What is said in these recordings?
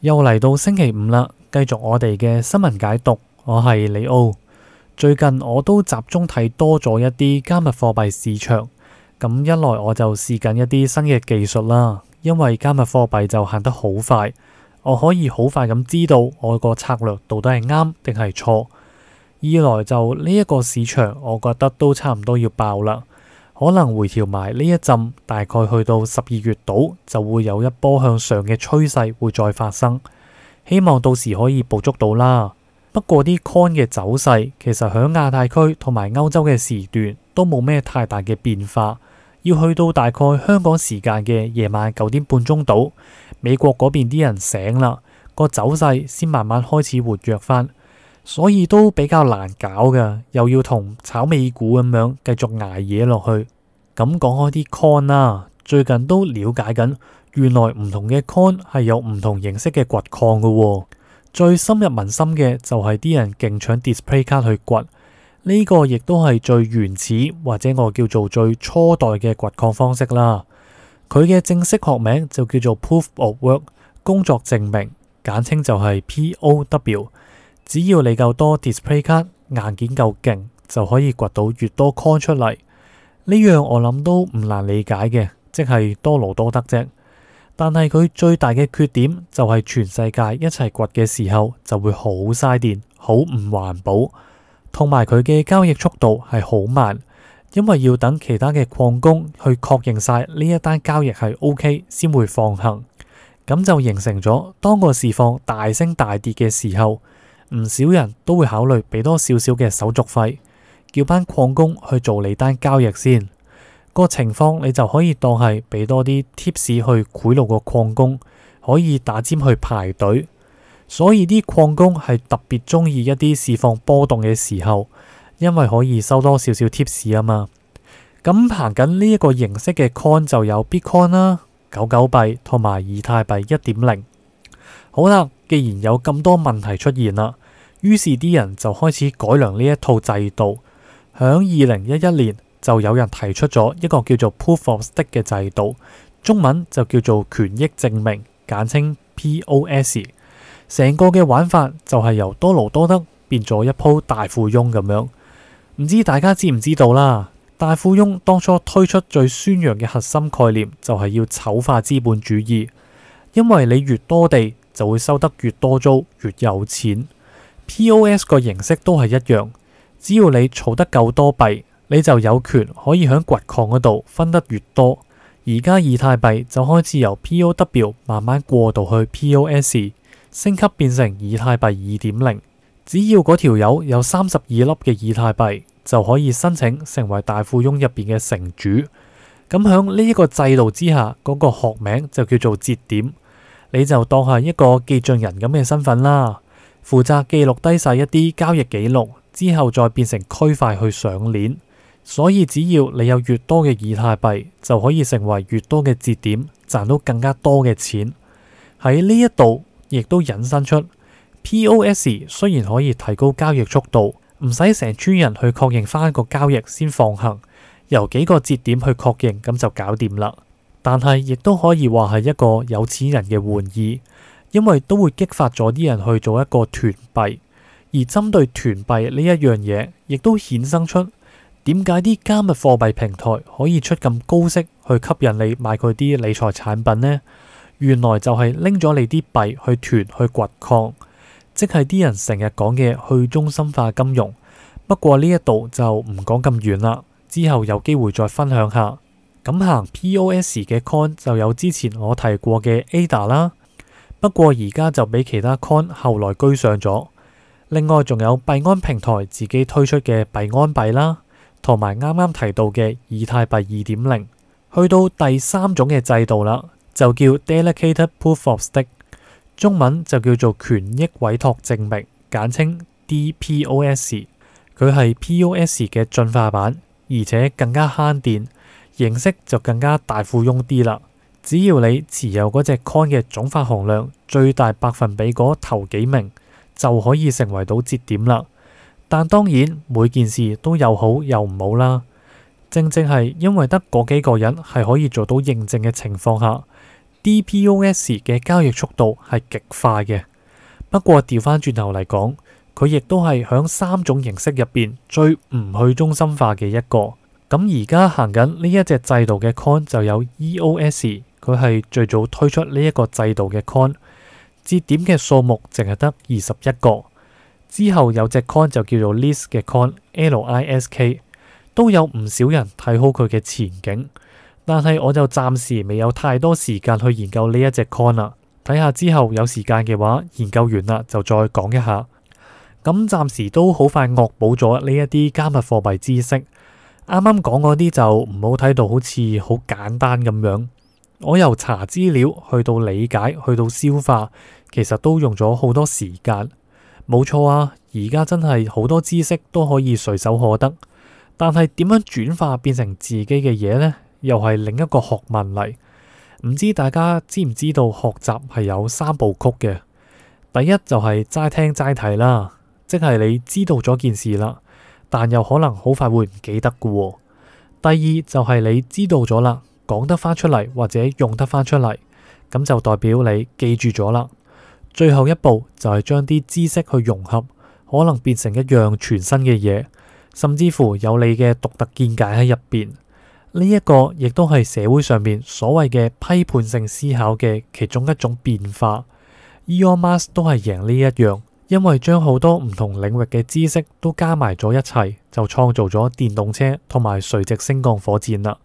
又嚟到星期五啦，繼續我哋嘅新聞解讀。我係李奧，最近我都集中睇多咗一啲加密貨幣市場。咁一來我就試緊一啲新嘅技術啦，因為加密貨幣就行得好快，我可以好快咁知道我個策略到底係啱定係錯。二來就呢一個市場，我覺得都差唔多要爆啦。可能回調埋呢一陣，大概去到十二月度就會有一波向上嘅趨勢會再發生，希望到時可以捕捉到啦。不過啲 coin 嘅走勢其實響亞太區同埋歐洲嘅時段都冇咩太大嘅變化，要去到大概香港時間嘅夜晚九點半鐘度，美國嗰邊啲人醒啦，個走勢先慢慢開始活躍翻。所以都比較難搞嘅，又要同炒美股咁樣繼續挨嘢落去。咁、嗯、講開啲 coin 啦，最近都了解緊，原來唔同嘅 coin 係有唔同形式嘅掘礦噶、哦。最深入民心嘅就係啲人勁搶 display 卡去掘呢個，亦都係最原始或者我叫做最初代嘅掘礦方式啦。佢嘅正式學名就叫做 proof of work 工作證明，簡稱就係 P O W。只要你夠多 display 卡硬件夠勁，就可以掘到越多 coin 出嚟。呢樣我諗都唔難理解嘅，即係多勞多得啫。但係佢最大嘅缺點就係全世界一齊掘嘅時候，就會好嘥電，好唔環保，同埋佢嘅交易速度係好慢，因為要等其他嘅礦工去確認晒呢一單交易係 OK 先會放行。咁就形成咗當個市況大升大跌嘅時候。唔少人都會考慮俾多，多少少嘅手續費，叫班礦工去做你單交易先。這個情況你就可以當係俾多啲 tips 去賄賂個礦工，可以打尖去排隊。所以啲礦工係特別中意一啲市況波動嘅時候，因為可以收多少少 tips 啊嘛。咁行緊呢一個形式嘅 coin 就有 Bitcoin 啦、九九幣同埋以太幣一點零。好啦，既然有咁多問題出現啦，於是啲人就開始改良呢一套制度。響二零一一年就有人提出咗一個叫做 Proof of Stake 嘅制度，中文就叫做權益證明，簡稱 POS。成個嘅玩法就係由多勞多得變咗一鋪大富翁咁樣。唔知大家知唔知道啦？大富翁當初推出最宣揚嘅核心概念就係要醜化資本主義，因為你越多地。就會收得越多租，越有錢。POS 個形式都係一樣，只要你儲得夠多幣，你就有權可以響掘礦嗰度分得越多。而家以太幣就開始由 POW 慢慢過渡去 POS，升級變成以太幣二點零。只要嗰條友有三十二粒嘅以太幣，就可以申請成為大富翁入邊嘅城主。咁響呢一個制度之下，嗰個學名就叫做節點。你就當係一個記賬人咁嘅身份啦，負責記錄低晒一啲交易記錄，之後再變成區塊去上鏈。所以只要你有越多嘅以太幣，就可以成為越多嘅節點，賺到更加多嘅錢。喺呢一度亦都引申出，POS 雖然可以提高交易速度，唔使成村人去確認翻一個交易先放行，由幾個節點去確認咁就搞掂啦。但係，亦都可以話係一個有錢人嘅玩意，因為都會激發咗啲人去做一個囤幣。而針對囤幣呢一樣嘢，亦都衍生出點解啲加密貨幣平台可以出咁高息去吸引你買佢啲理財產品呢？原來就係拎咗你啲幣去囤去掘礦，即係啲人成日講嘅去中心化金融。不過呢一度就唔講咁遠啦，之後有機會再分享下。咁行 POS 嘅 coin 就有之前我提過嘅 ADA 啦，不過而家就比其他 coin 後來居上咗。另外仲有幣安平台自己推出嘅幣安幣啦，同埋啱啱提到嘅以太幣二點零。去到第三種嘅制度啦，就叫 Delegated Proof of Stake，中文就叫做權益委託證明，簡稱 DPOS。佢係 POS 嘅進化版，而且更加慳電。形式就更加大富翁啲啦。只要你持有嗰隻 coin 嘅總發行量最大百分比嗰頭幾名，就可以成為到節點啦。但當然每件事都有好有唔好啦。正正係因為得嗰幾個人係可以做到認證嘅情況下，DPoS 嘅交易速度係極快嘅。不過調翻轉頭嚟講，佢亦都係響三種形式入邊最唔去中心化嘅一個。咁而家行緊呢一隻制度嘅 coin 就有 EOS，佢係最早推出呢一個制度嘅 coin 節點嘅數目淨係得二十一個。之後有隻 coin 就叫做 List 嘅 coin Lisk，都有唔少人睇好佢嘅前景。但係我就暫時未有太多時間去研究呢一隻 coin 啦。睇下之後有時間嘅話，研究完啦就再講一下。咁暫時都好快惡補咗呢一啲加密貨幣知識。啱啱講嗰啲就唔好睇到好似好簡單咁樣，我由查資料去到理解去到消化，其實都用咗好多時間，冇錯啊！而家真係好多知識都可以隨手可得，但係點樣轉化變成自己嘅嘢呢？又係另一個學問嚟。唔知大家知唔知道學習係有三部曲嘅？第一就係齋聽齋睇啦，即係你知道咗件事啦。但又可能好快會唔記得嘅。第二就係你知道咗啦，講得翻出嚟，或者用得翻出嚟，咁就代表你記住咗啦。最後一步就係將啲知識去融合，可能變成一樣全新嘅嘢，甚至乎有你嘅獨特見解喺入邊。呢一個亦都係社會上面所謂嘅批判性思考嘅其中一種變化。Eo Mas 都係贏呢一樣。因為將好多唔同領域嘅知識都加埋咗一齊，就創造咗電動車同埋垂直升降火箭啦。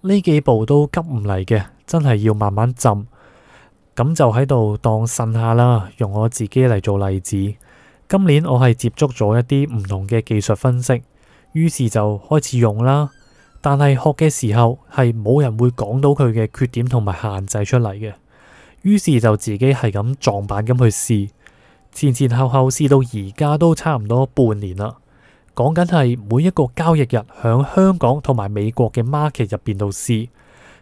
呢幾步都急唔嚟嘅，真係要慢慢浸。咁就喺度當呻下啦。用我自己嚟做例子，今年我係接觸咗一啲唔同嘅技術分析，於是就開始用啦。但係學嘅時候係冇人會講到佢嘅缺點同埋限制出嚟嘅，於是就自己係咁撞板咁去試。前前後後試到而家都差唔多半年啦，講緊係每一個交易日響香港同埋美國嘅 market 入邊度試，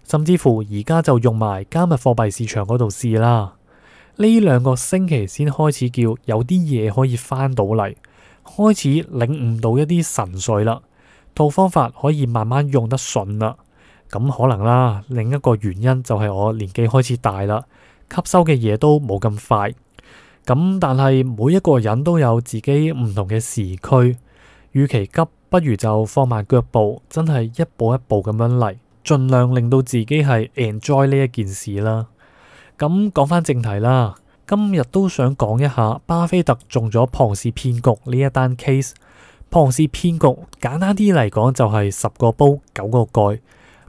甚至乎而家就用埋加密貨幣市場嗰度試啦。呢兩個星期先開始叫有啲嘢可以翻到嚟，開始領悟到一啲神髓啦，套方法可以慢慢用得順啦。咁可能啦，另一個原因就係我年紀開始大啦，吸收嘅嘢都冇咁快。咁但係每一個人都有自己唔同嘅時區，與其急，不如就放慢腳步，真係一步一步咁樣嚟，盡量令到自己係 enjoy 呢一件事啦。咁講翻正題啦，今日都想講一下巴菲特中咗龐氏騙局呢一單 case。龐氏騙局簡單啲嚟講就係十個煲九個蓋，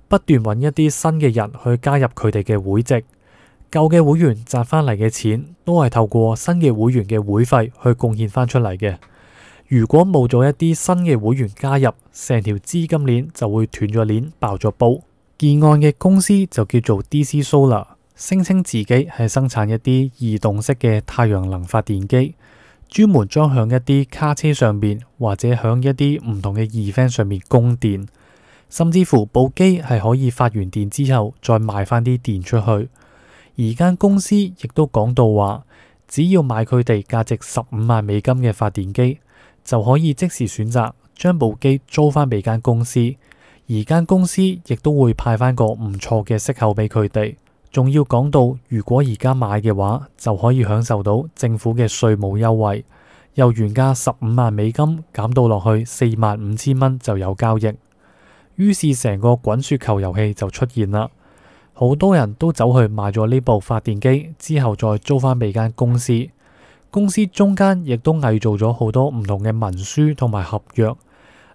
不斷揾一啲新嘅人去加入佢哋嘅會籍。舊嘅會員賺翻嚟嘅錢都係透過新嘅會員嘅會費去貢獻翻出嚟。嘅如果冇咗一啲新嘅會員加入，成條資金鏈就會斷咗鏈，爆咗煲。建案嘅公司就叫做 DC Solar，聲稱自己係生產一啲移動式嘅太陽能發電機，專門裝響一啲卡車上邊或者響一啲唔同嘅 event 上面供電，甚至乎部機係可以發完電之後再賣翻啲電出去。而間公司亦都講到話，只要買佢哋價值十五萬美金嘅發電機，就可以即時選擇將部機租返俾間公司，而間公司亦都會派返個唔錯嘅息口俾佢哋。仲要講到，如果而家買嘅話，就可以享受到政府嘅稅務優惠，由原價十五萬美金減到落去四萬五千蚊就有交易。於是成個滾雪球遊戲就出現啦。好多人都走去買咗呢部發電機，之後再租返俾間公司。公司中間亦都偽造咗好多唔同嘅文書同埋合約，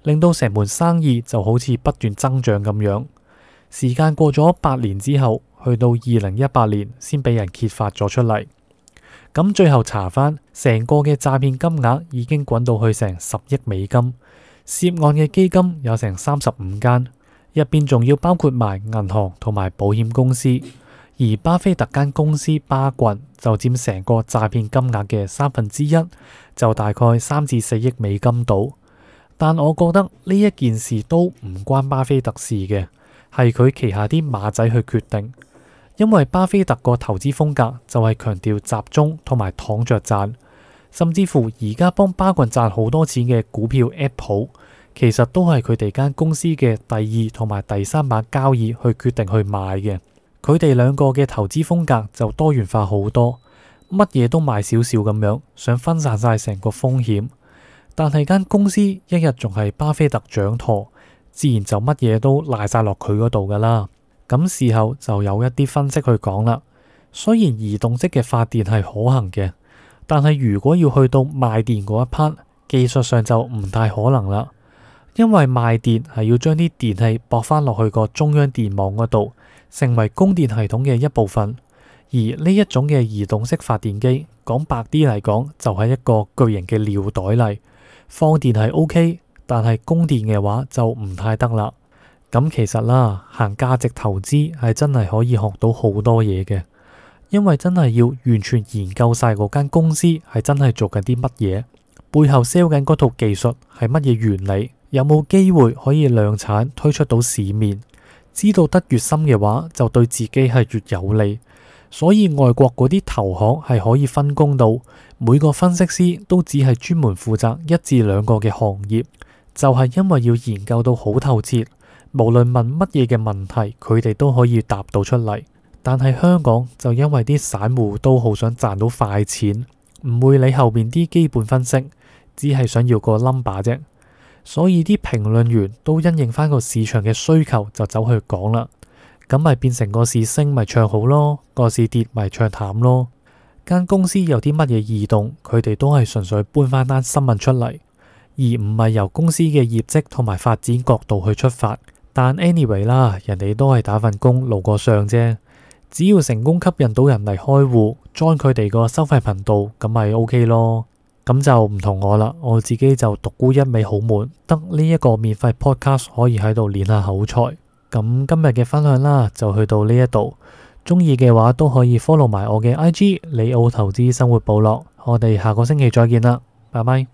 令到成門生意就好似不斷增長咁樣。時間過咗八年之後，去到二零一八年先俾人揭發咗出嚟。咁最後查返，成個嘅詐騙金額已經滾到去成十億美金，涉案嘅基金有成三十五間。入邊仲要包括埋銀行同埋保險公司，而巴菲特間公司巴郡就佔成個詐騙金額嘅三分之一，就大概三至四億美金到。但我覺得呢一件事都唔關巴菲特事嘅，係佢旗下啲馬仔去決定，因為巴菲特個投資風格就係強調集中同埋躺着賺，甚至乎而家幫巴郡賺好多錢嘅股票 Apple。其實都係佢哋間公司嘅第二同埋第三把交椅去決定去買嘅。佢哋兩個嘅投資風格就多元化好多，乜嘢都買少少咁樣，想分散晒成個風險。但係間公司一日仲係巴菲特掌舵，自然就乜嘢都賴晒落佢嗰度噶啦。咁事後就有一啲分析去講啦。雖然移動式嘅發電係可行嘅，但係如果要去到賣電嗰一 part，技術上就唔太可能啦。因為賣電係要將啲電器駁翻落去個中央電網嗰度，成為供電系統嘅一部分。而呢一種嘅移動式發電機，講白啲嚟講，就係、是、一個巨型嘅尿袋。嚟。放電係 OK，但係供電嘅話就唔太得啦。咁其實啦，行價值投資係真係可以學到好多嘢嘅，因為真係要完全研究晒嗰間公司係真係做緊啲乜嘢，背後 sell 緊嗰套技術係乜嘢原理。有冇機會可以量產推出到市面？知道得越深嘅話，就對自己係越有利。所以外國嗰啲投行係可以分工到每個分析師都只係專門負責一至兩個嘅行業，就係因為要研究到好透徹。無論問乜嘢嘅問題，佢哋都可以答到出嚟。但係香港就因為啲散戶都好想賺到快錢，唔會理後面啲基本分析，只係想要個 number 啫。所以啲評論員都因應翻個市場嘅需求就走去講啦，咁咪變成個市升咪唱好咯，個市跌咪唱淡咯。間公司有啲乜嘢異動，佢哋都係純粹搬翻單新聞出嚟，而唔係由公司嘅業績同埋發展角度去出發。但 anyway 啦，人哋都係打份工，露個相啫。只要成功吸引到人嚟開戶 join 佢哋個收費頻道，咁咪 ok 咯。咁就唔同我啦，我自己就獨沽一味好悶，得呢一個免費 podcast 可以喺度練下口才。咁今日嘅分享啦，就去到呢一度。中意嘅話都可以 follow 埋我嘅 IG 李奧投資生活部落。我哋下個星期再見啦，拜拜。